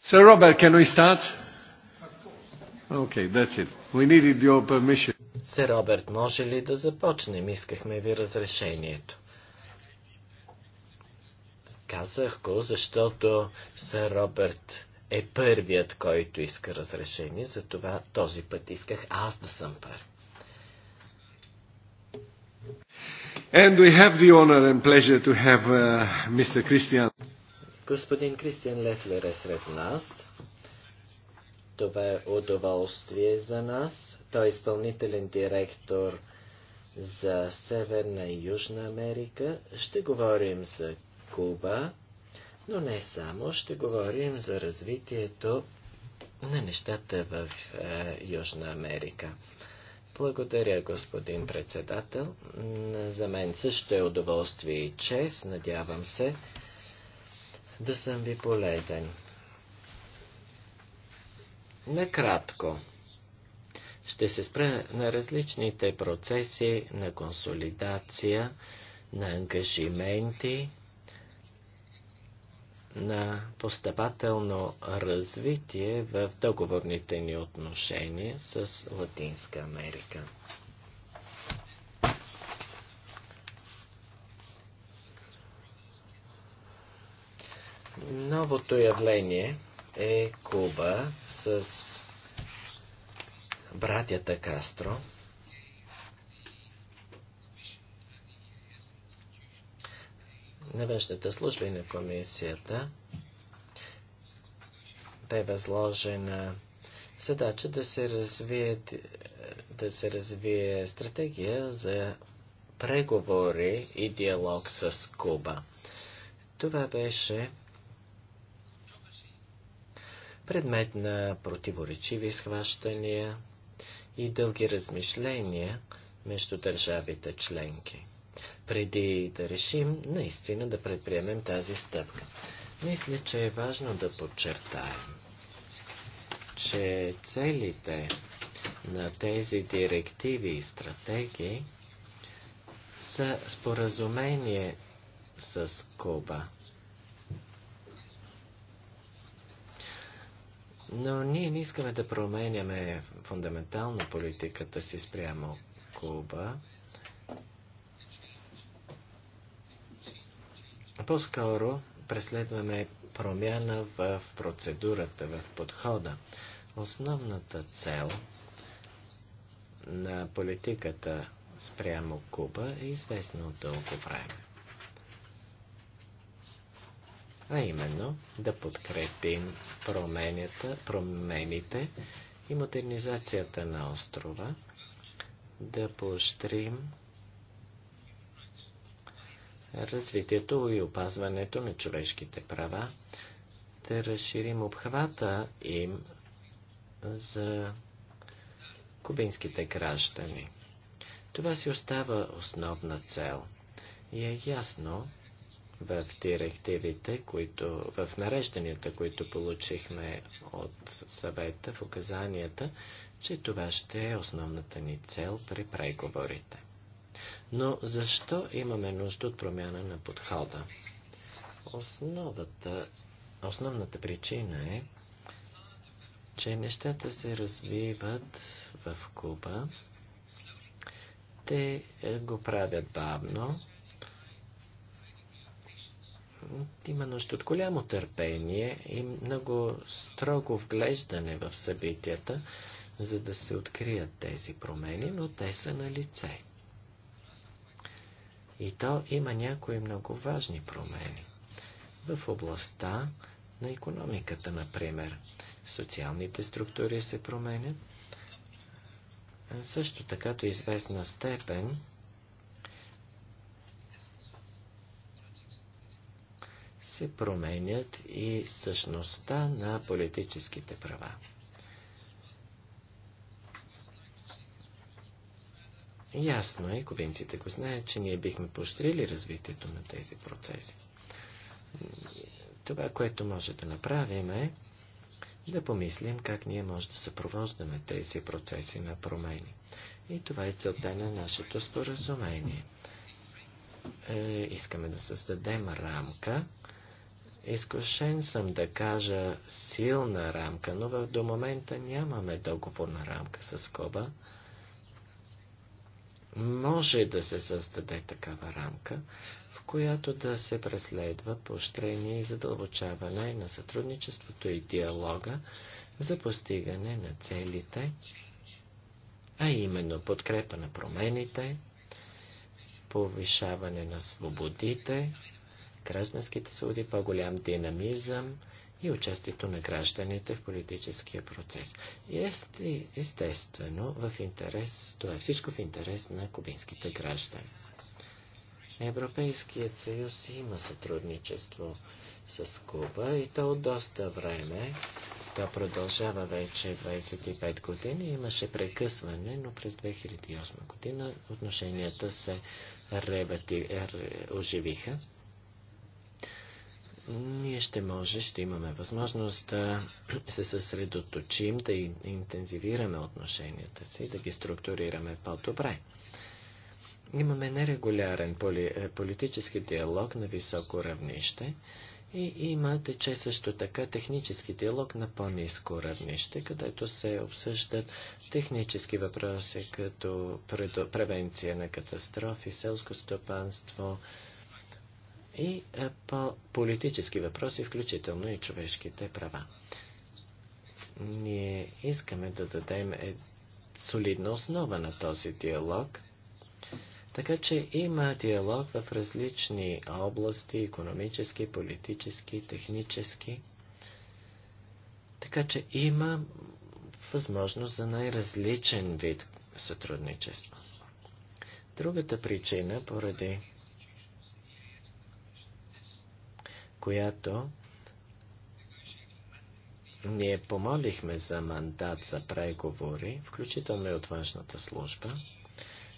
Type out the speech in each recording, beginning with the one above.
Sir Robert, can we start? Okay, that's it. We needed your permission. Сър Роберт, може ли да започнем? Искахме ви разрешението. Казах го, защото сър Роберт е първият, който иска разрешение, затова този път исках аз да съм първ. And we have the honor and pleasure to have uh, Mr. Christian Господин Кристиан Лефлер е сред нас. Това е удоволствие за нас. Той е изпълнителен директор за Северна и Южна Америка. Ще говорим за Куба, но не само. Ще говорим за развитието на нещата в е, Южна Америка. Благодаря, господин председател. За мен също е удоволствие и чест, надявам се, да съм ви полезен. Накратко ще се спра на различните процеси на консолидация, на ангажименти, на постъпателно развитие в договорните ни отношения с Латинска Америка. Новото явление е Куба с братята Кастро. На външната служба и на комисията бе възложена задача да се развие, да се развие стратегия за преговори и диалог с Куба. Това беше предмет на противоречиви схващания и дълги размишления между държавите членки. Преди да решим наистина да предприемем тази стъпка, мисля, че е важно да подчертаем, че целите на тези директиви и стратегии са споразумение с Куба – Но ние не искаме да променяме фундаментално политиката си спрямо Куба. По-скоро преследваме промяна в процедурата, в подхода. Основната цел на политиката спрямо Куба е известна от дълго време а именно да подкрепим промените и модернизацията на острова, да поощрим развитието и опазването на човешките права, да разширим обхвата им за кубинските граждани. Това си остава основна цел. И е ясно, в директивите, които, в нарежданията, които получихме от съвета, в указанията, че това ще е основната ни цел при преговорите. Но защо имаме нужда от промяна на подхода? Основата, основната причина е, че нещата се развиват в Куба. Те е, го правят бавно, има нужда от голямо търпение и много строго вглеждане в събитията, за да се открият тези промени, но те са на лице. И то има някои много важни промени. В областта на економиката, например, социалните структури се променят. Също така до известна степен се променят и същността на политическите права. Ясно е, кубинците го знаят, че ние бихме поощрили развитието на тези процеси. Това, което може да направим е да помислим как ние може да съпровождаме тези процеси на промени. И това е целта на нашето споразумение. Е, искаме да създадем рамка, Изкушен съм да кажа силна рамка, но до момента нямаме договорна рамка с Коба. Може да се създаде такава рамка, в която да се преследва поощрение и задълбочаване на сътрудничеството и диалога за постигане на целите, а именно подкрепа на промените, повишаване на свободите, гражданските свободи, по-голям динамизъм и участието на гражданите в политическия процес. И естествено, в интерес, това е всичко в интерес на кубинските граждани. Европейският съюз има сътрудничество с Куба и то от доста време. То продължава вече 25 години. Имаше прекъсване, но през 2008 година отношенията се ребати, оживиха ние ще може, ще имаме възможност да се съсредоточим, да интензивираме отношенията си, да ги структурираме по-добре. Имаме нерегулярен поли, е, политически диалог на високо равнище и има тече също така технически диалог на по-низко равнище, където се обсъждат технически въпроси като превенция на катастрофи, селско стопанство, и е, по политически въпроси, включително и човешките права. Ние искаме да дадем е солидна основа на този диалог, така че има диалог в различни области, економически, политически, технически. Така че има възможност за най-различен вид сътрудничество. Другата причина, поради която ние помолихме за мандат за преговори, включително и от външната служба.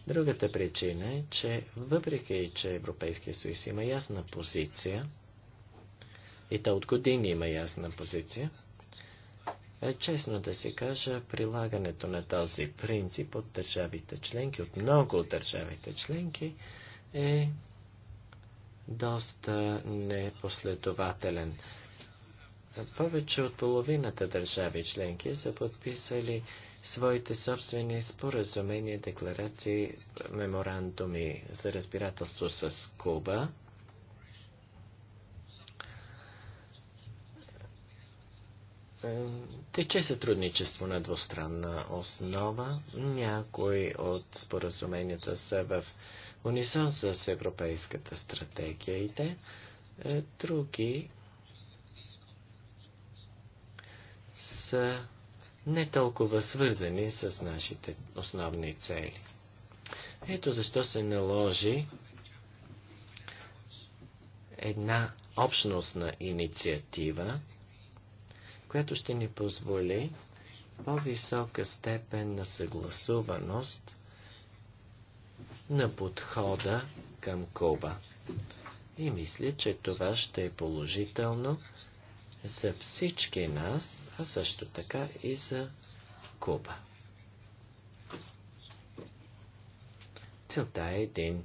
Другата причина е, че въпреки, че Европейския съюз има ясна позиция, и та от години има ясна позиция, е честно да се кажа, прилагането на този принцип от държавите членки, от много от държавите членки, е доста непоследователен. Повече от половината държави членки са подписали своите собствени споразумения, декларации, меморандуми за разбирателство с Куба. Тече сътрудничество на двустранна основа. Някои от споразуменията са в унисон с европейската стратегия и те е, други са не толкова свързани с нашите основни цели. Ето защо се наложи една общностна инициатива, която ще ни позволи по-висока степен на съгласуваност на подхода към Куба. И мисля, че това ще е положително за всички нас, а също така и за Куба. Целта е един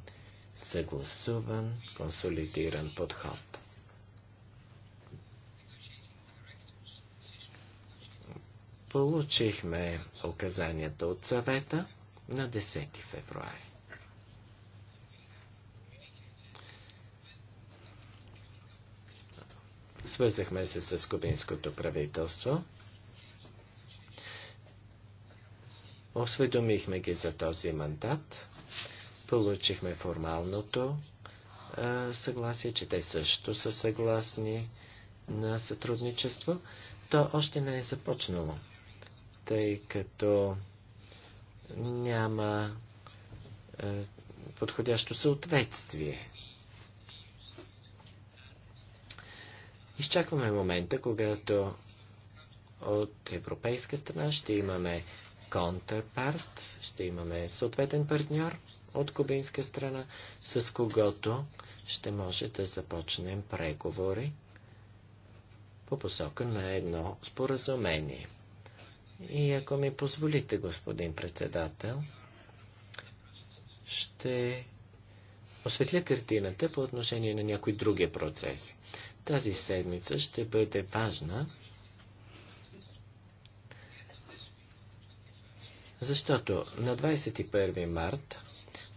съгласуван, консолидиран подход. Получихме указанията от съвета на 10 февруари. Свързахме се с кубинското правителство. Осведомихме ги за този мандат. Получихме формалното а, съгласие, че те също са съгласни на сътрудничество. То още не е започнало, тъй като няма а, подходящо съответствие Изчакваме момента, когато от европейска страна ще имаме контрпарт, ще имаме съответен партньор от кубинска страна, с когото ще може да започнем преговори по посока на едно споразумение. И ако ми позволите, господин председател, ще осветля картината по отношение на някои други процеси. Тази седмица ще бъде важна, защото на 21 март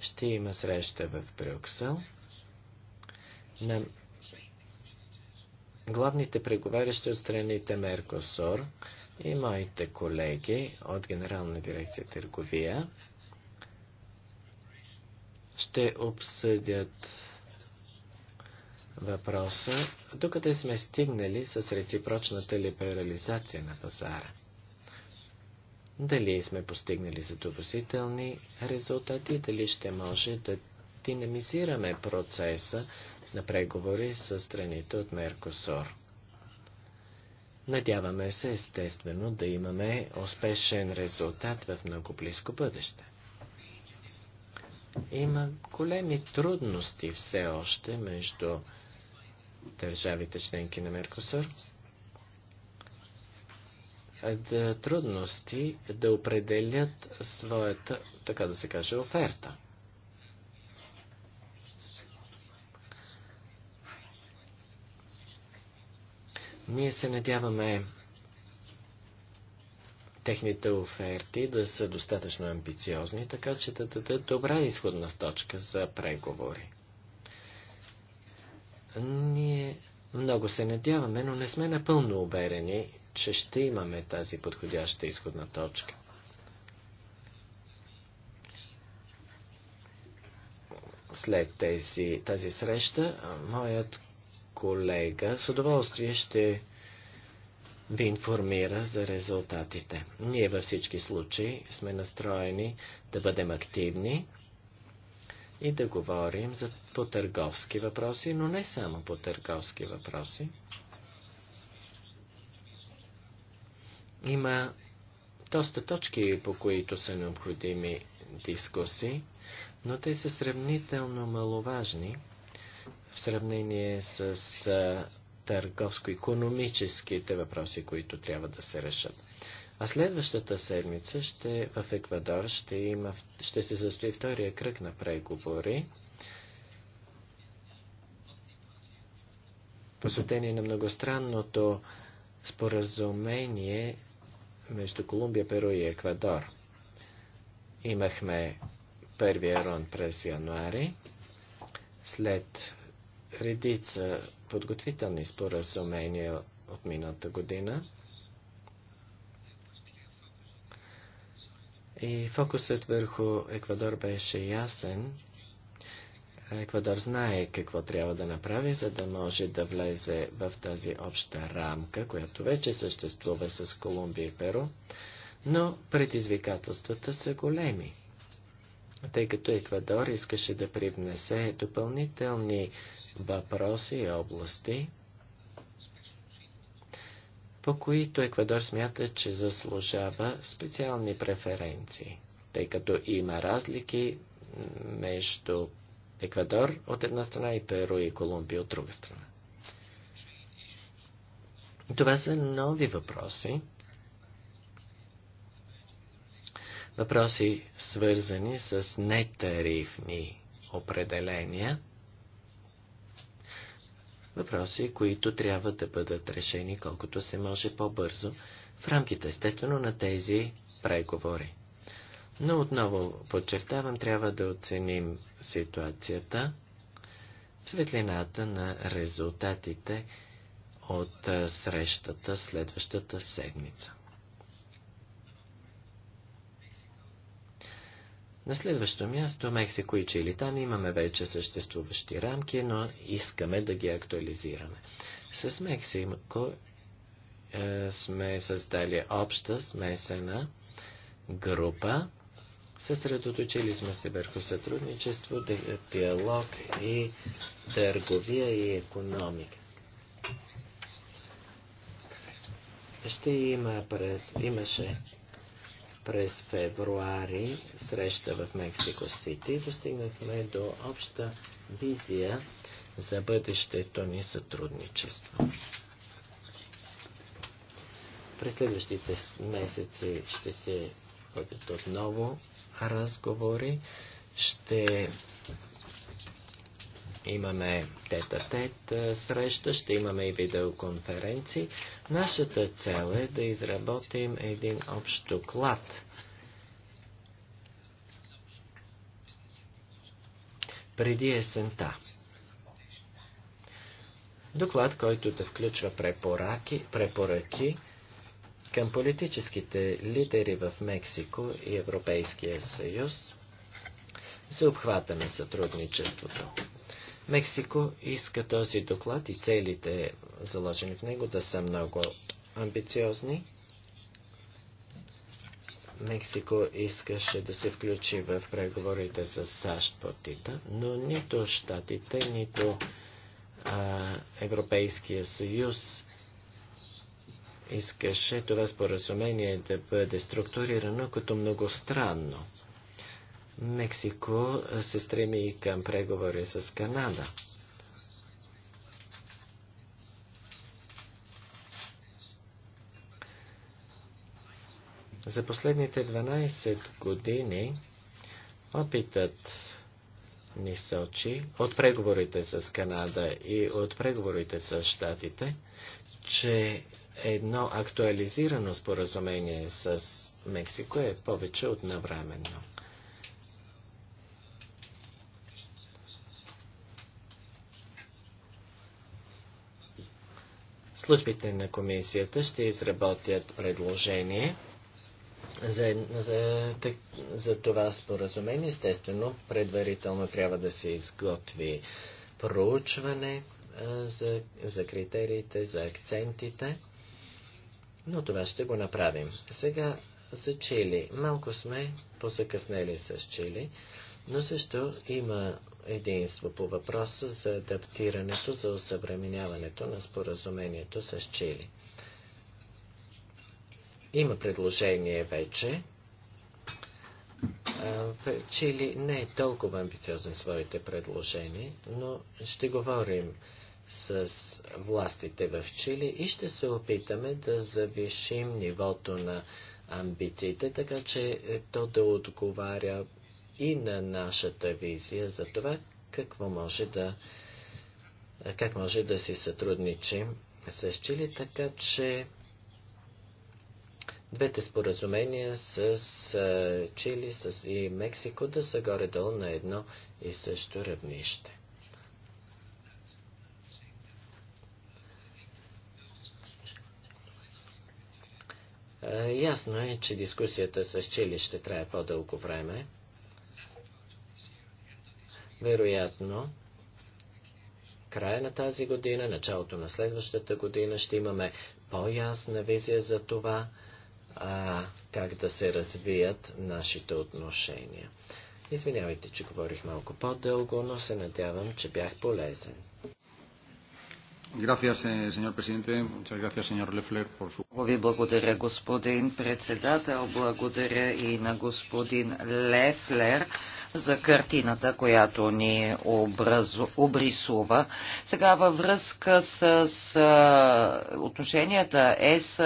ще има среща в Брюксел на главните преговарящи от страните Меркосор и моите колеги от Генерална дирекция търговия ще обсъдят въпроса, докъде сме стигнали с реципрочната либерализация на пазара. Дали сме постигнали задоволителни резултати, дали ще може да динамизираме процеса на преговори с страните от Меркосор. Надяваме се, естествено, да имаме успешен резултат в много близко бъдеще. Има големи трудности все още между държавите членки на Меркосур да трудности да определят своята, така да се каже, оферта. Ние се надяваме техните оферти да са достатъчно амбициозни, така че да дадат добра изходна точка за преговори. Ние много се надяваме, но не сме напълно уверени, че ще имаме тази подходяща изходна точка. След тези, тази среща, моят колега с удоволствие ще ви информира за резултатите. Ние във всички случаи сме настроени да бъдем активни и да говорим за, по търговски въпроси, но не само по търговски въпроси. Има доста точки, по които са необходими дискусии, но те са сравнително маловажни в сравнение с търговско-економическите въпроси, които трябва да се решат. А следващата седмица ще, в Еквадор ще, има, ще се състои втория кръг на преговори, посветени на многостранното споразумение между Колумбия, Перу и Еквадор. Имахме първия рон през януари, след редица подготвителни споразумения от миналата година – И фокусът върху Еквадор беше ясен. Еквадор знае какво трябва да направи, за да може да влезе в тази обща рамка, която вече съществува с Колумбия и Перу, но предизвикателствата са големи тъй като Еквадор искаше да привнесе допълнителни въпроси и области по които Еквадор смята, че заслужава специални преференции, тъй като има разлики между Еквадор от една страна и Перу и Колумбия от друга страна. Това са нови въпроси. Въпроси свързани с нетарифни определения – въпроси, които трябва да бъдат решени колкото се може по-бързо в рамките, естествено, на тези преговори. Но отново подчертавам, трябва да оценим ситуацията в светлината на резултатите от срещата следващата седмица. На следващо място Мексико и Чили. Там имаме вече съществуващи рамки, но искаме да ги актуализираме. С Мексико е, сме създали обща смесена група. Съсредоточили сме се върху сътрудничество, диалог и търговия и економика. Ще има през, имаше през февруари среща в Мексико Сити достигнахме до обща визия за бъдещето ни сътрудничество. През следващите месеци ще се ходят отново разговори. Ще имаме тета -тет среща, ще имаме и видеоконференции. Нашата цел е да изработим един общ доклад. преди есента. Доклад, който да включва препоръки, препоръки към политическите лидери в Мексико и Европейския съюз за обхвата на сътрудничеството. Мексико иска този доклад и целите заложени в него да са много амбициозни. Мексико искаше да се включи в преговорите с САЩ по ТИТА, но нито Штатите, нито а, Европейския съюз искаше това споразумение да бъде структурирано като многостранно. Мексико се стреми към преговори с Канада. За последните 12 години опитът ни сочи от преговорите с Канада и от преговорите с Штатите, че едно актуализирано споразумение с Мексико е повече от навременно. Службите на комисията ще изработят предложение за, за, за това споразумение. Естествено, предварително трябва да се изготви проучване а, за, за критериите, за акцентите, но това ще го направим. Сега за Чили. Малко сме позакъснели с Чили но също има единство по въпроса за адаптирането, за осъвременяването на споразумението с Чили. Има предложение вече. Чили не е толкова амбициозен своите предложения, но ще говорим с властите в Чили и ще се опитаме да завишим нивото на амбициите, така че е, то да отговаря и на нашата визия за това какво може да, как може да си сътрудничим с Чили, така че двете споразумения с Чили с и Мексико да са горе-долу на едно и също равнище. Ясно е, че дискусията с Чили ще трае по-дълго време. Вероятно, края на тази година, началото на следващата година ще имаме по-ясна визия за това, а, как да се развият нашите отношения. Извинявайте, че говорих малко по-дълго, но се надявам, че бях полезен. Eh, ви благодаря, господин председател. Благодаря и на господин Лефлер за картината, която ни образ, обрисува. Сега във връзка с, с отношенията ЕС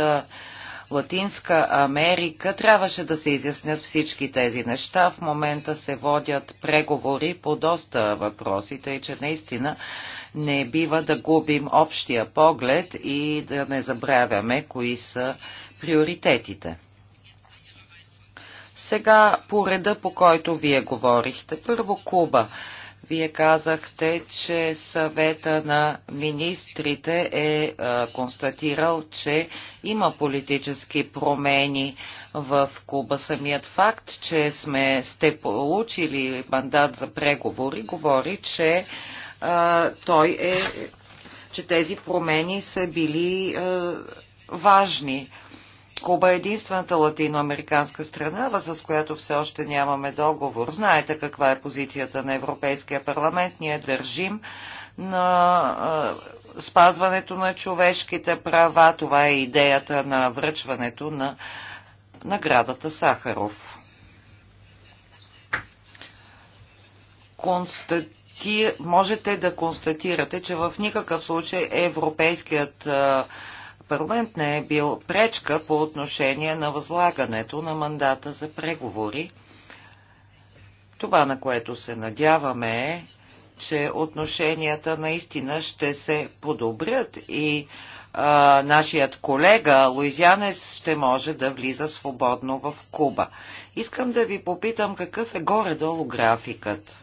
Латинска Америка трябваше да се изяснят всички тези неща. В момента се водят преговори по доста въпросите и, че наистина не бива да губим общия поглед и да не забравяме кои са приоритетите. Сега по реда, по който вие говорихте. Първо Куба. Вие казахте, че съвета на министрите е, е констатирал, че има политически промени в Куба. Самият факт, че сме, сте получили мандат за преговори, говори, че а, е, той е, че тези промени са били а, е, важни. А, Куба е единствената латиноамериканска страна, с която все още нямаме договор. Знаете каква е позицията на Европейския парламент. Ние държим на спазването на човешките права. Това е идеята на връчването на наградата Сахаров. Констати... Можете да констатирате, че в никакъв случай Европейският парламент парламент не е бил пречка по отношение на възлагането на мандата за преговори. Това, на което се надяваме е, че отношенията наистина ще се подобрят и а, нашият колега Луизианес ще може да влиза свободно в Куба. Искам да ви попитам какъв е горе-долу графикът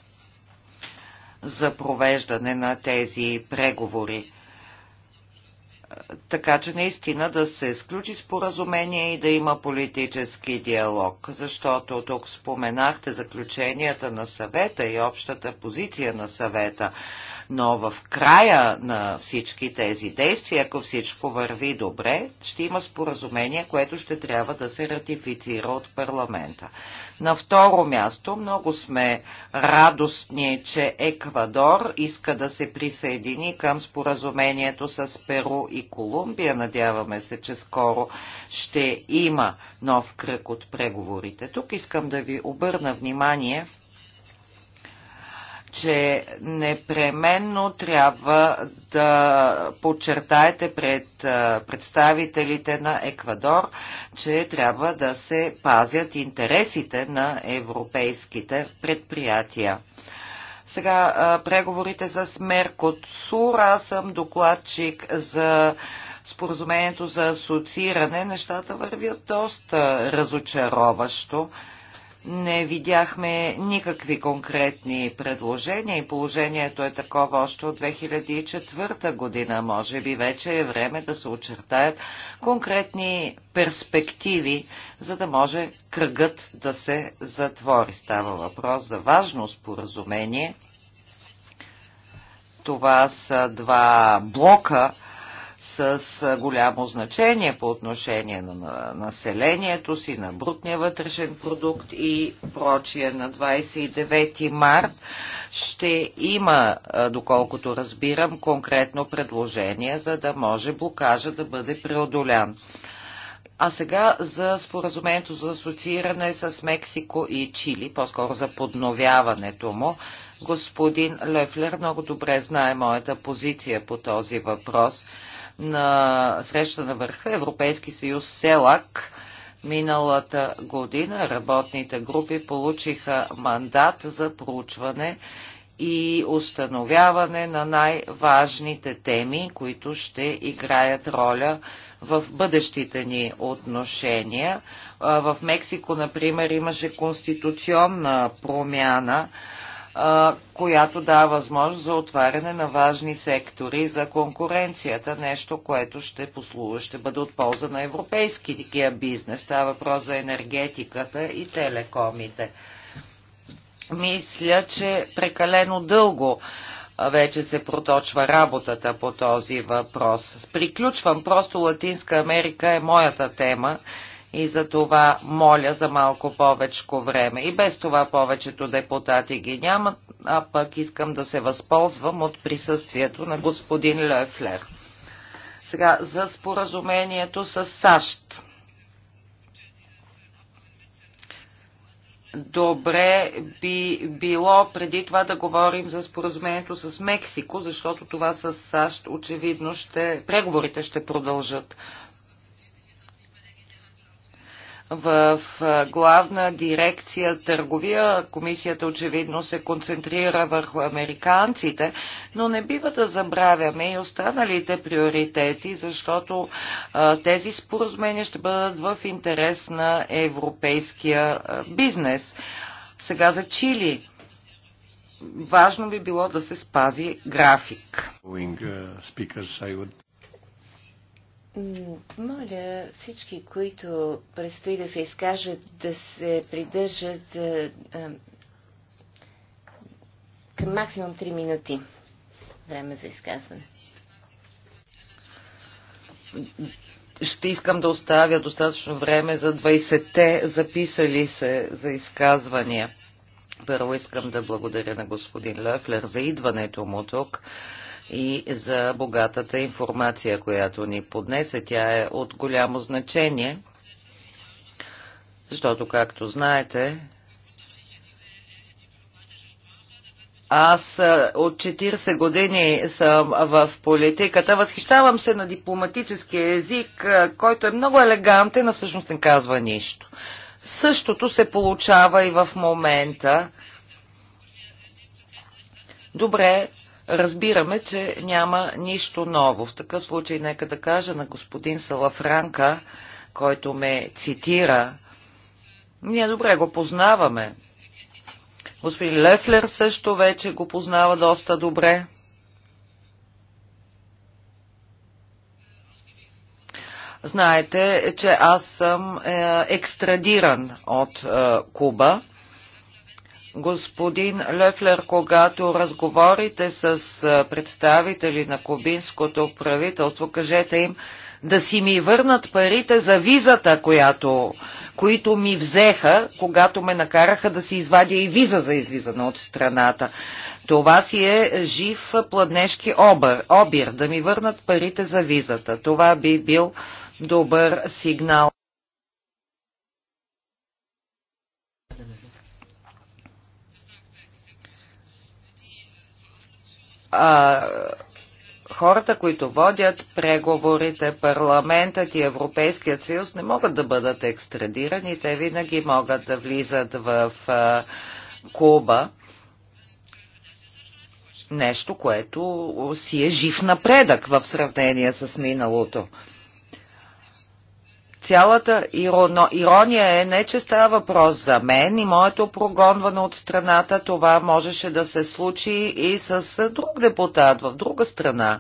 за провеждане на тези преговори така че наистина да се сключи споразумение и да има политически диалог, защото тук споменахте заключенията на съвета и общата позиция на съвета. Но в края на всички тези действия, ако всичко върви добре, ще има споразумение, което ще трябва да се ратифицира от парламента. На второ място, много сме радостни, че Еквадор иска да се присъедини към споразумението с Перу и Колумбия. Надяваме се, че скоро ще има нов кръг от преговорите. Тук искам да ви обърна внимание – че непременно трябва да подчертаете пред представителите на Еквадор, че трябва да се пазят интересите на европейските предприятия. Сега преговорите с Меркосур. Аз съм докладчик за споразумението за асоцииране. Нещата вървят доста разочароващо не видяхме никакви конкретни предложения и положението е такова още от 2004 година. Може би вече е време да се очертаят конкретни перспективи, за да може кръгът да се затвори. Става въпрос за важно споразумение. Това са два блока – с голямо значение по отношение на населението си, на брутния вътрешен продукт и прочие. На 29 март ще има, доколкото разбирам, конкретно предложение, за да може блокажа да бъде преодолян. А сега за споразумението за асоцииране с Мексико и Чили, по-скоро за подновяването му. Господин Лефлер много добре знае моята позиция по този въпрос на среща на върха Европейски съюз СЕЛАК миналата година работните групи получиха мандат за проучване и установяване на най-важните теми, които ще играят роля в бъдещите ни отношения. В Мексико, например, имаше конституционна промяна, която дава възможност за отваряне на важни сектори за конкуренцията, нещо, което ще послужи, ще бъде от полза на европейския бизнес. Става въпрос за енергетиката и телекомите. Мисля, че прекалено дълго вече се проточва работата по този въпрос. Приключвам, просто Латинска Америка е моята тема и за това моля за малко повечко време. И без това повечето депутати ги нямат, а пък искам да се възползвам от присъствието на господин Лефлер. Сега за споразумението с САЩ. Добре би било преди това да говорим за споразумението с Мексико, защото това с САЩ очевидно ще, преговорите ще продължат в главна дирекция търговия. Комисията очевидно се концентрира върху американците, но не бива да забравяме и останалите приоритети, защото а, тези споразумения ще бъдат в интерес на европейския бизнес. Сега за Чили. Важно би било да се спази график. Uh, моля всички, които предстои да се изкажат, да се придържат а, а, към максимум 3 минути време за изказване. Ще искам да оставя достатъчно време за 20-те записали се за изказвания. Първо искам да благодаря на господин Лефлер за идването му тук и за богатата информация, която ни поднесе. Тя е от голямо значение, защото, както знаете, Аз от 40 години съм в политиката. Възхищавам се на дипломатическия език, който е много елегантен, а всъщност не казва нищо. Същото се получава и в момента. Добре, разбираме, че няма нищо ново. В такъв случай нека да кажа на господин Салафранка, който ме цитира. Ние добре го познаваме. Господин Лефлер също вече го познава доста добре. Знаете, че аз съм е, екстрадиран от е, Куба Господин Лефлер, когато разговорите с представители на кубинското правителство, кажете им да си ми върнат парите за визата, която, които ми взеха, когато ме накараха да си извадя и виза за излизане от страната. Това си е жив пладнешки обър, обир да ми върнат парите за визата. Това би бил добър сигнал. а, хората, които водят преговорите, парламентът и Европейският съюз не могат да бъдат екстрадирани. Те винаги могат да влизат в а, Куба. Нещо, което си е жив напредък в сравнение с миналото. Цялата ирония е не, че става въпрос за мен и моето прогонване от страната, това можеше да се случи и с друг депутат в друга страна.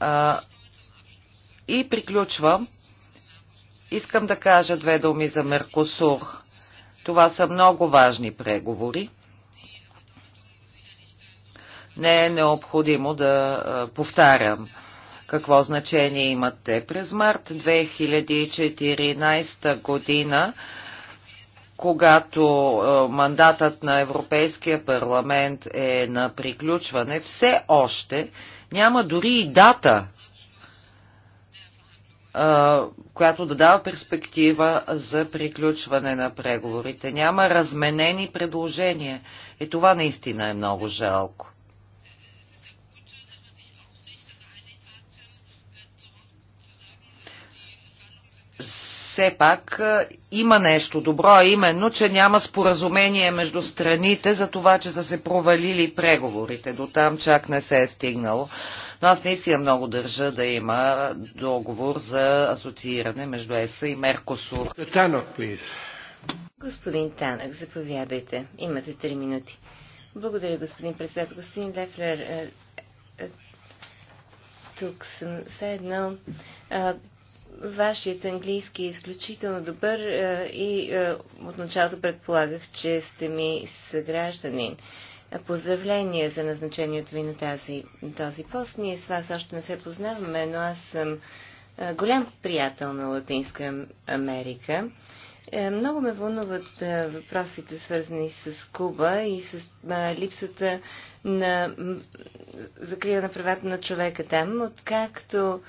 А, и приключвам. Искам да кажа две думи за Меркосур. Това са много важни преговори. Не е необходимо да повтарям какво значение имате? През март 2014 година когато е, мандатът на Европейския парламент е на приключване, все още няма дори и дата, е, която да дава перспектива за приключване на преговорите. Няма разменени предложения. И е, това наистина е много жалко. все пак е, има нещо добро, а именно, че няма споразумение между страните за това, че са се провалили преговорите. До там чак не се е стигнало. Но аз наистина много държа да има договор за асоцииране между ЕСА и Меркосур. Господин Танък, заповядайте. Имате три минути. Благодаря, господин председател. Господин Лефлер, е, е, тук съм все едно. Вашият английски е изключително добър е, и е, от началото предполагах, че сте ми съгражданин. Поздравления за назначението ви на тази, този пост. Ние с вас още не се познаваме, но аз съм е, голям приятел на Латинска Америка. Много ме вълнуват въпросите, свързани с Куба и с липсата на закрила на правата на човека там, откакто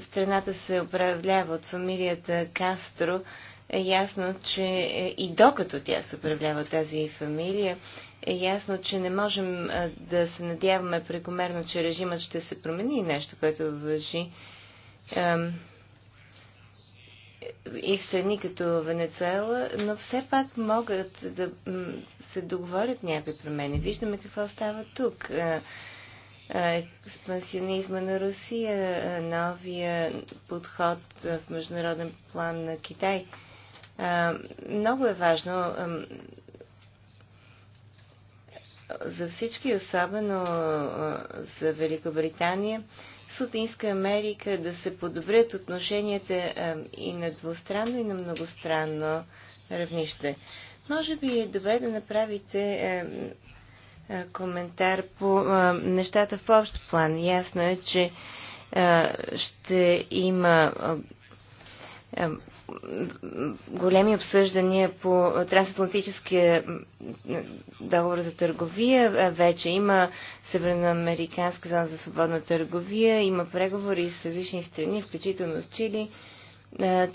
страната се управлява от фамилията Кастро, е ясно, че е, и докато тя се управлява тази фамилия, е ясно, че не можем да се надяваме прекомерно, че режимът ще се промени нещо, което въжи и в страни като Венецуела, но все пак могат да се договорят някакви промени. Виждаме какво става тук. Е, експансионизма на Русия, е, новия подход е, в международен план на Китай. Много е важно за всички, особено за Великобритания, Латинска Америка да се подобрят отношенията и на двустранно, и на многостранно равнище. Може би е добре да направите е, коментар по е, нещата в общ план. Ясно е, че е, ще има големи обсъждания по трансатлантическия договор за търговия. Вече има Северноамериканска зона за свободна търговия, има преговори с различни страни, включително с Чили.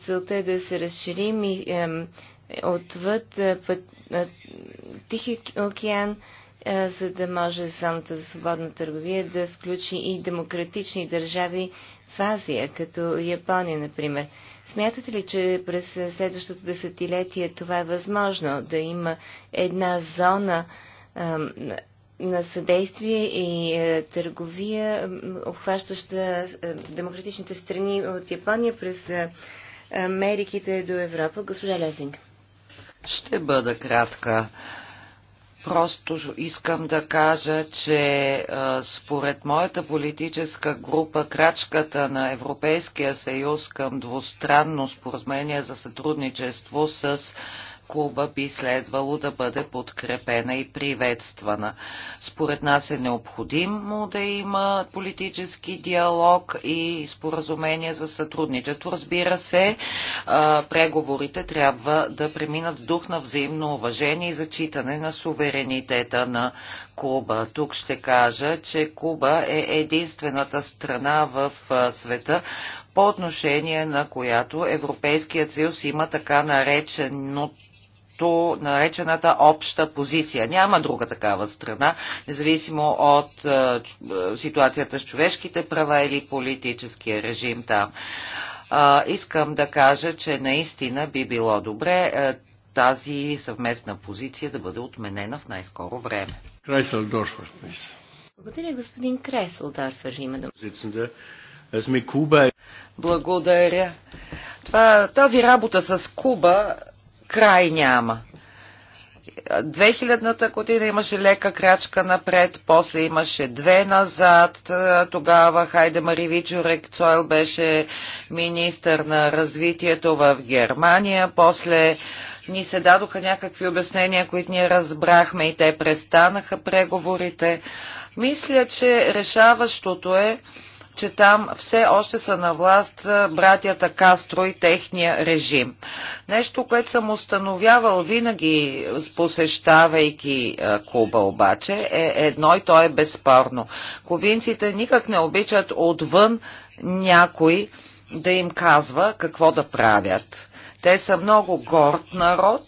Целта е да се разширим и отвъд Тихи океан е, за да може зоната за свободна търговия да включи и демократични държави в Азия, като Япония, например. Смятате ли, че през следващото десетилетие това е възможно да има една зона на съдействие и е, търговия, обхващаща е, демократичните страни от Япония през Америките до Европа? Госпожа Лесинг. Ще бъда кратка. Просто искам да кажа, че според моята политическа група крачката на Европейския съюз към двустранно споразумение за сътрудничество с Куба би следвало да бъде подкрепена и приветствана. Според нас е необходимо да има политически диалог и споразумение за сътрудничество. Разбира се, преговорите трябва да преминат в дух на взаимно уважение и зачитане на суверенитета на Куба. Тук ще кажа, че Куба е единствената страна в света, по отношение на която Европейският съюз има така наречено срещу наречената обща позиция. Няма друга такава страна, независимо от е, ситуацията с човешките права или политическия режим там. Искам да кажа, че наистина би било добре е, тази съвместна позиция да бъде отменена в най-скоро време. Крайсел Благодаря, господин Крайсел Дорфер. Има да... Е- Благодаря. Това, тази работа с Куба край няма. 2000-та година имаше лека крачка напред, после имаше две назад. Тогава Хайде Маривичо Рекцойл беше министър на развитието в Германия. После ни се дадоха някакви обяснения, които ние разбрахме и те престанаха преговорите. Мисля, че решаващото е, че там все още са на власт братята Кастро и техния режим. Нещо, което съм установявал винаги посещавайки Куба обаче е едно и то е безспорно. Кубинците никак не обичат отвън някой да им казва какво да правят. Те са много горд народ.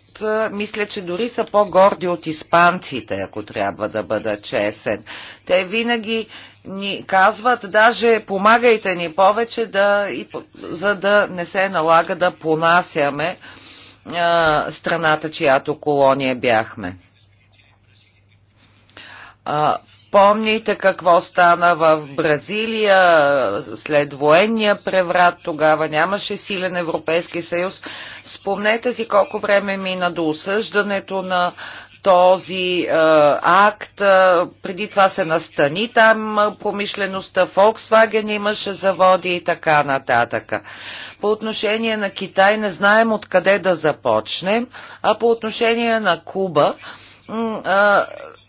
Мисля, че дори са по-горди от испанците, ако трябва да бъда честен. Те винаги ни казват, даже помагайте ни повече, да, и, за да не се налага да понасяме а, страната, чиято колония бяхме. А, Помните какво стана в Бразилия след военния преврат, тогава нямаше силен Европейски съюз. Спомнете си колко време мина до осъждането на този е, акт. преди това се настани там промишлеността, Volkswagen имаше заводи и така нататък. По отношение на Китай не знаем откъде да започнем, а по отношение на Куба е,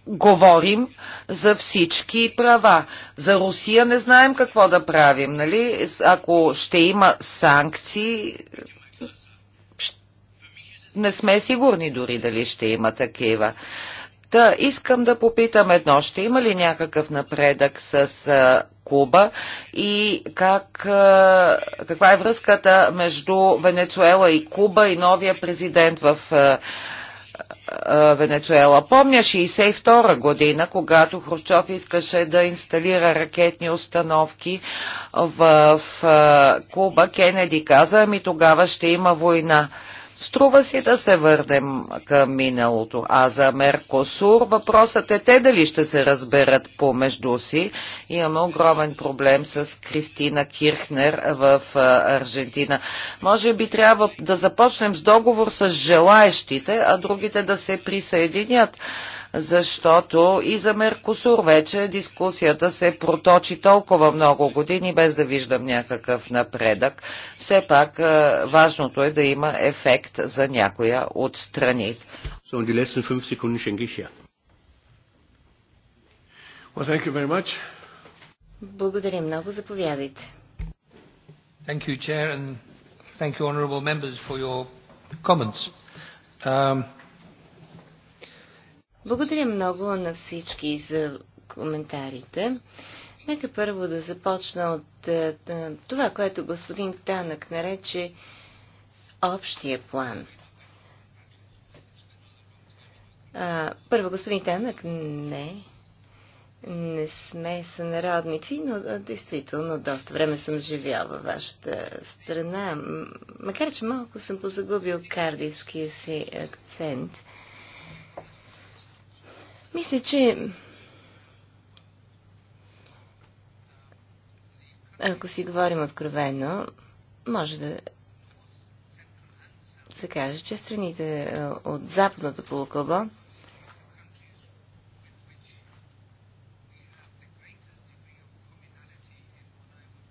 говорим за всички права. За Русия не знаем какво да правим, нали? Ако ще има санкции, не сме сигурни дори дали ще има такива. Та искам да попитам едно, ще има ли някакъв напредък с Куба и как, каква е връзката между Венецуела и Куба и новия президент в Венецуела. Помня втора година, когато Хрущов искаше да инсталира ракетни установки в Куба, Кенеди каза, ами тогава ще има война. Струва си да се върнем към миналото. А за Меркосур въпросът е те дали ще се разберат помежду си. Имаме огромен проблем с Кристина Кирхнер в Аржентина. Може би трябва да започнем с договор с желаещите, а другите да се присъединят защото и за Меркосур вече дискусията се проточи толкова много години, без да виждам някакъв напредък. Все пак е, важното е да има ефект за някоя от страните. So, und die letzten fünf Sekunden schenke ich Well, thank you very much. Благодаря много. Заповядайте. Thank you, Chair, and thank you, honourable members, for your comments. Um, благодаря много на всички за коментарите. Нека първо да започна от е, е, това, което господин Танък нарече общия план. А, първо, господин Танък, не, не сме сънародници, но действително доста време съм живял във вашата страна. Макар, че малко съм позагубил кардивския си акцент. Мисля, че ако си говорим откровено, може да се каже, че страните е, от западното полукълбо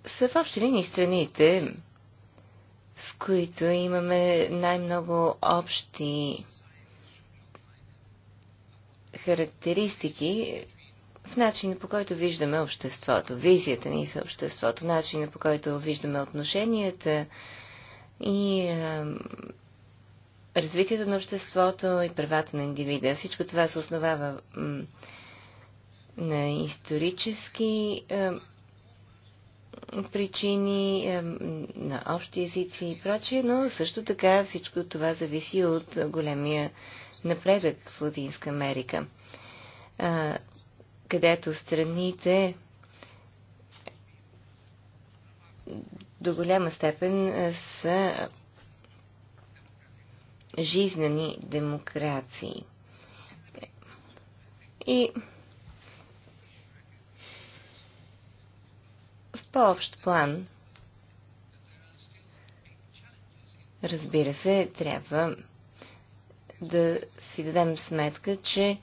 са в общи линии страните, с които имаме най-много общи характеристики в начина по който виждаме обществото, визията ни за обществото, начина по който виждаме отношенията и е, развитието на обществото и правата на индивида. Всичко това се основава на исторически е, причини, е, на общи езици и прочие, но също така всичко това зависи от големия напредък в Латинска Америка, където страните до голяма степен са жизнени демокрации. И в по-общ план, разбира се, трябва да си дадем сметка, че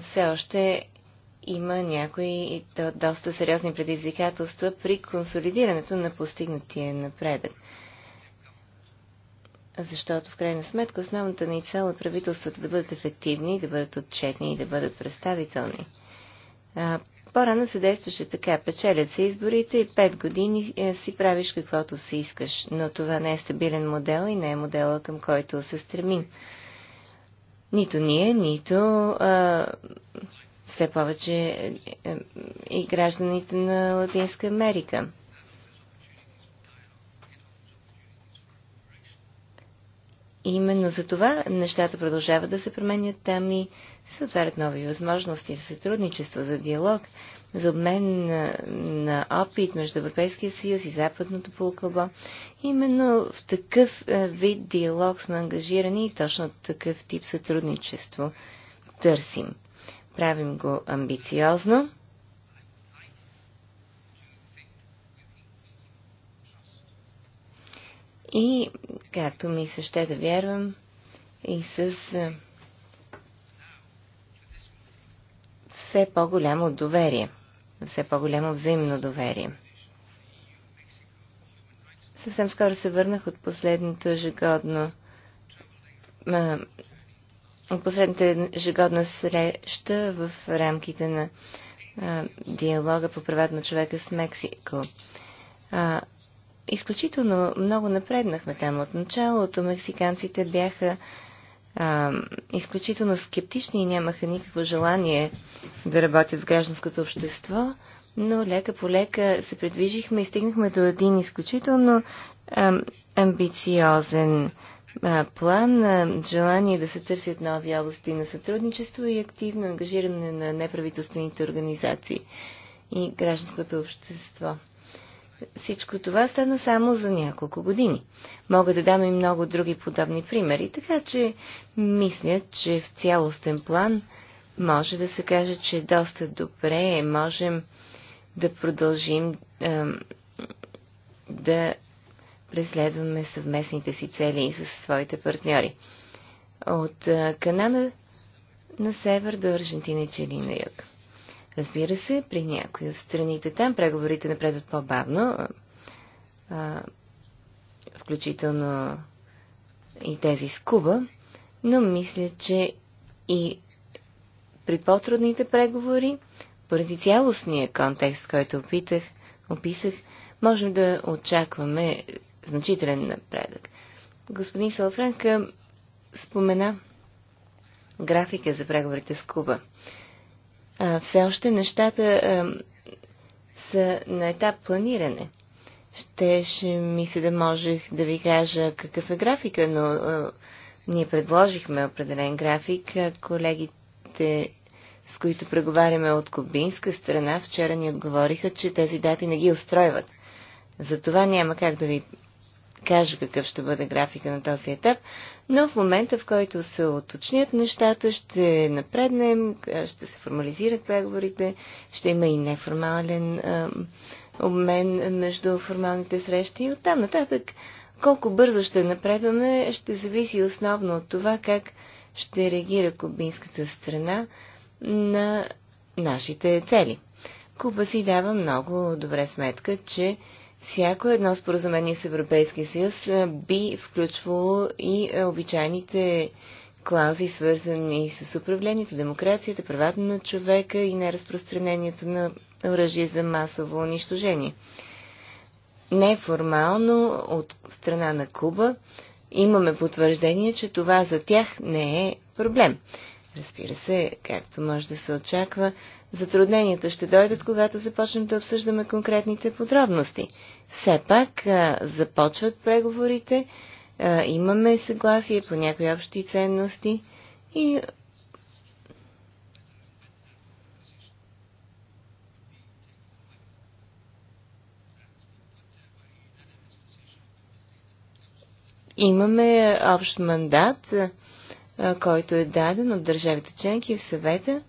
все още има някои доста сериозни предизвикателства при консолидирането на постигнатия напредък. Защото в крайна сметка основната ни цел е правителството да бъдат ефективни, да бъдат отчетни и да бъдат представителни. По-рано се действаше така. Печелят се изборите и пет години е, си правиш каквото си искаш. Но това не е стабилен модел и не е модела към който се стремим. Нито ние, нито а, все повече е, и гражданите на Латинска Америка. Именно за това нещата продължават да се променят там и се отварят нови възможности за сътрудничество, за диалог за обмен на, на опит между Европейския съюз и Западното полукълбо. Именно в такъв е, вид диалог сме ангажирани и точно такъв тип сътрудничество търсим. Правим го амбициозно. И, както ми се ще да вярвам, и с е, все по-голямо доверие все по-голямо взаимно доверие. Съвсем скоро се върнах от последното ежегодно от последната ежегодна среща в рамките на а, диалога по правата на човека с Мексико. А, изключително много напреднахме там. От началото мексиканците бяха а, изключително скептични и нямаха никакво желание да работят с гражданското общество, но лека по лека се предвижихме и стигнахме до един изключително а, амбициозен а, план, а, желание да се търсят нови области на сътрудничество и активно ангажиране на неправителствените организации и гражданското общество. Всичко това стана само за няколко години. Мога да дам и много други подобни примери, така че мисля, че в цялостен план може да се каже, че доста добре е. можем да продължим да преследваме съвместните си цели и със своите партньори. От Канада на север до Аржентина и Чили на юг. Разбира се, при някои от страните там преговорите напредват по-бавно, включително и тези с Куба, но мисля, че и при по-трудните преговори, поради цялостния контекст, който опитах, описах, можем да очакваме значителен напредък. Господин Салфранка спомена графика за преговорите с Куба. А, все още нещата а, са на етап планиране. Щеше ми се да можех да ви кажа какъв е графика, но а, ние предложихме определен график. колегите, с които преговаряме от кубинска страна, вчера ни отговориха, че тези дати не ги устройват. За това няма как да ви кажа какъв ще бъде графика на този етап, но в момента, в който се оточнят нещата, ще напреднем, ще се формализират преговорите, ще има и неформален а, обмен между формалните срещи и оттам нататък колко бързо ще напредваме, ще зависи основно от това как ще реагира кубинската страна на нашите цели. Куба си дава много добре сметка, че всяко едно споразумение с Европейския съюз е, би включвало и е, обичайните клаузи, свързани с управлението, демокрацията, правата на човека и неразпространението на оръжие за масово унищожение. Неформално от страна на Куба имаме потвърждение, че това за тях не е проблем. Разбира се, както може да се очаква, затрудненията ще дойдат, когато започнем да обсъждаме конкретните подробности. Все пак а, започват преговорите, а, имаме съгласие по някои общи ценности и имаме общ мандат който е даден от държавите членки в съвета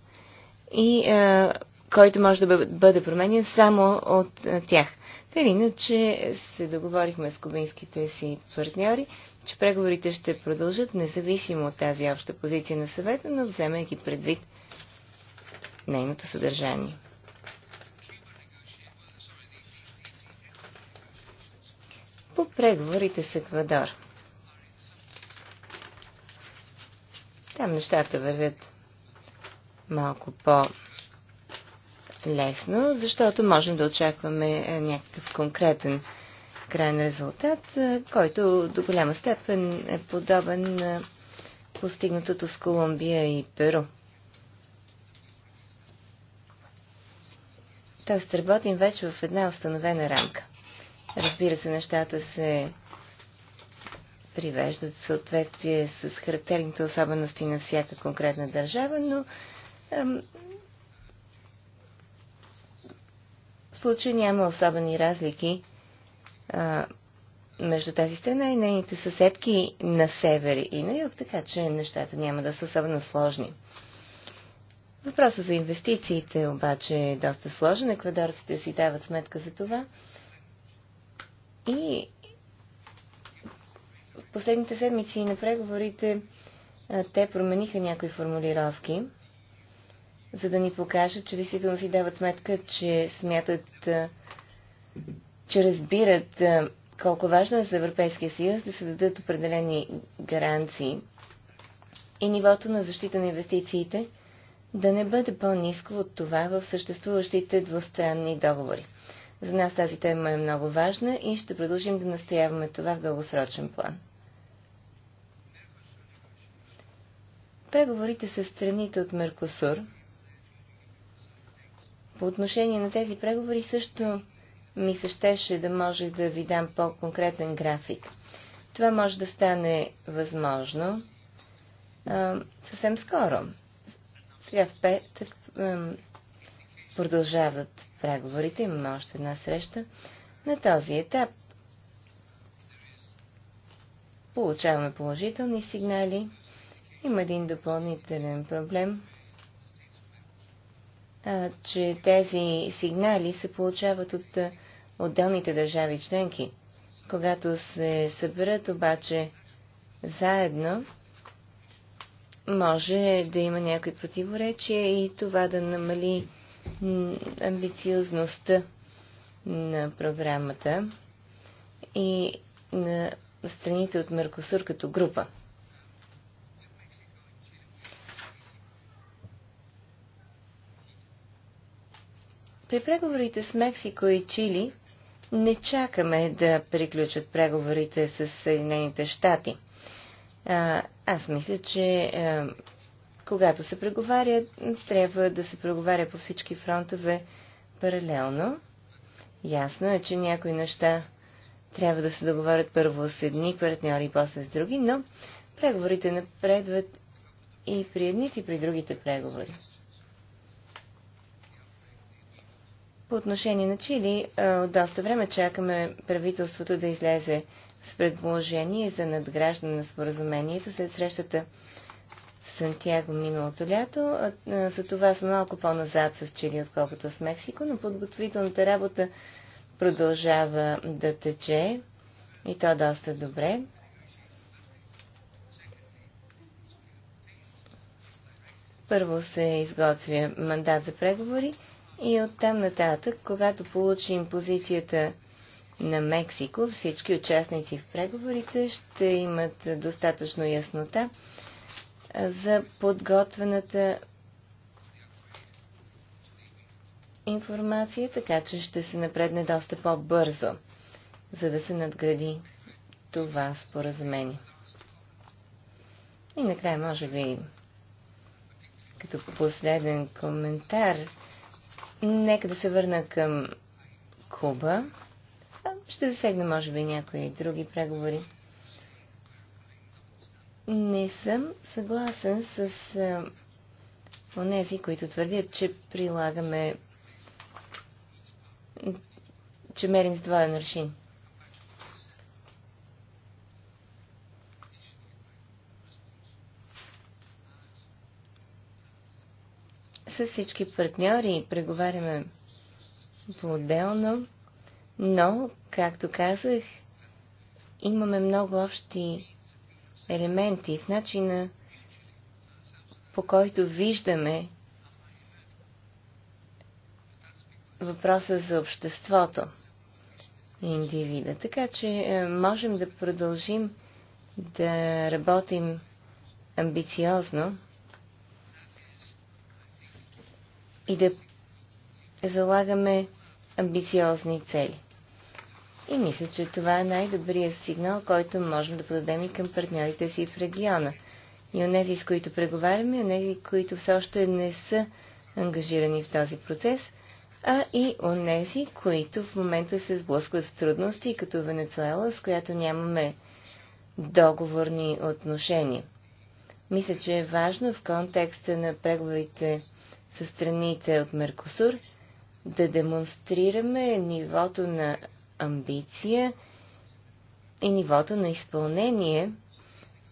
и а, който може да бъде променен само от а, тях. Та иначе се договорихме с кубинските си партньори, че преговорите ще продължат независимо от тази обща позиция на съвета, но вземайки предвид нейното съдържание. По преговорите с Еквадор. Там нещата вървят малко по-лесно, защото можем да очакваме е, някакъв конкретен крайен резултат, е, който до голяма степен е подобен на постигнатото с Колумбия и Перу. Тоест работим вече в една установена рамка. Разбира се, нещата се привеждат в съответствие с характерните особености на всяка конкретна държава, но ам, в случай няма особени разлики а, между тази страна и нейните съседки на север и на юг, така че нещата няма да са особено сложни. Въпросът за инвестициите обаче е доста сложен. Еквадорците си дават сметка за това. И в последните седмици на преговорите те промениха някои формулировки, за да ни покажат, че действително си дават сметка, че смятат, че разбират колко важно е за Европейския съюз да се дадат определени гаранции и нивото на защита на инвестициите да не бъде по-низко от това в съществуващите двустранни договори. За нас тази тема е много важна и ще продължим да настояваме това в дългосрочен план. Преговорите с страните от Меркосур по отношение на тези преговори също ми се щеше да може да ви дам по-конкретен график. Това може да стане възможно а, съвсем скоро. Сега в петък продължават преговорите, имаме още една среща. На този етап получаваме положителни сигнали. Има един допълнителен проблем, а, че тези сигнали се получават от отделните държави членки. Когато се съберат обаче заедно, може да има някои противоречия и това да намали амбициозността на програмата и на страните от Меркосур като група. При преговорите с Мексико и Чили не чакаме да приключат преговорите с Съединените щати. Аз мисля, че когато се преговаря, трябва да се преговаря по всички фронтове паралелно. Ясно е, че някои неща трябва да се договорят първо с едни партньори и после с други, но преговорите напредват и при едните, и при другите преговори. По отношение на Чили, от доста време чакаме правителството да излезе с предположение за надграждане на споразумението след срещата с Сантьяго миналото лято. За това сме малко по-назад с Чили, отколкото с Мексико, но подготовителната работа продължава да тече и то доста добре. Първо се изготвя мандат за преговори – и оттам нататък, когато получим позицията на Мексико, всички участници в преговорите ще имат достатъчно яснота за подготвената информация, така че ще се напредне доста по-бързо, за да се надгради това споразумение. И накрая, може би, като последен коментар, Нека да се върна към Куба. Ще засегна, може би, някои други преговори. Не съм съгласен с онези, които твърдят, че прилагаме, че мерим с два аршин. с всички партньори и преговаряме по-отделно, но, както казах, имаме много общи елементи в начина по който виждаме въпроса за обществото и индивида. Така че е, можем да продължим да работим амбициозно и да залагаме амбициозни цели. И мисля, че това е най-добрият сигнал, който можем да подадем и към партньорите си в региона. И онези, с които преговаряме, и онези, които все още не са ангажирани в този процес, а и онези, които в момента се сблъскват с трудности, като Венецуела, с която нямаме договорни отношения. Мисля, че е важно в контекста на преговорите със страните от Меркосур, да демонстрираме нивото на амбиция и нивото на изпълнение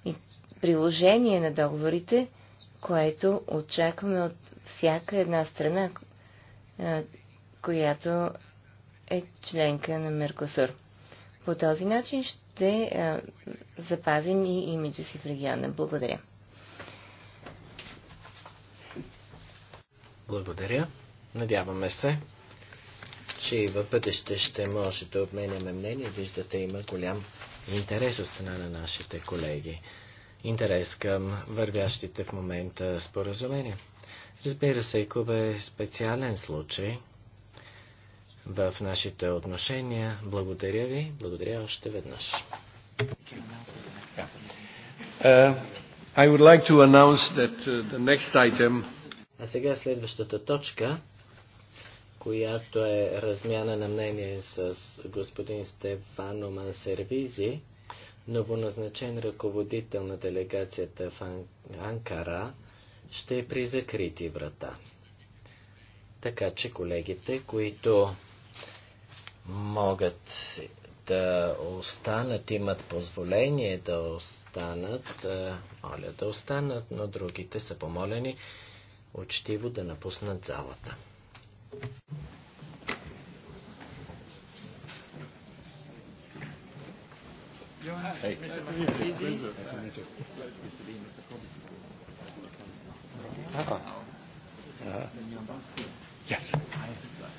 и приложение на договорите, което очакваме от всяка една страна, която е членка на Меркосур. По този начин ще запазим и имиджа си в региона. Благодаря. Благодаря. Надяваме се, че и в бъдеще ще може да обменяме мнение. Виждате, има голям интерес от страна на нашите колеги. Интерес към вървящите в момента споразумения. Разбира се, Куба е специален случай в нашите отношения. Благодаря ви. Благодаря още веднъж. Uh, I would like to announce that uh, the next item а сега е следващата точка, която е размяна на мнение с господин Стефано Мансервизи, новоназначен ръководител на делегацията в Анкара, ще е при закрити врата. Така че колегите, които могат да останат, имат позволение да останат, моля да останат, но другите са помолени учтиво да напуснат залата. Hey. yes.